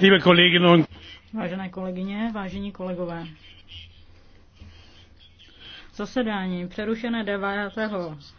Liebe Kolleginnen und Vážené kolegyně, vážení kolegové. Zasedání přerušené 9.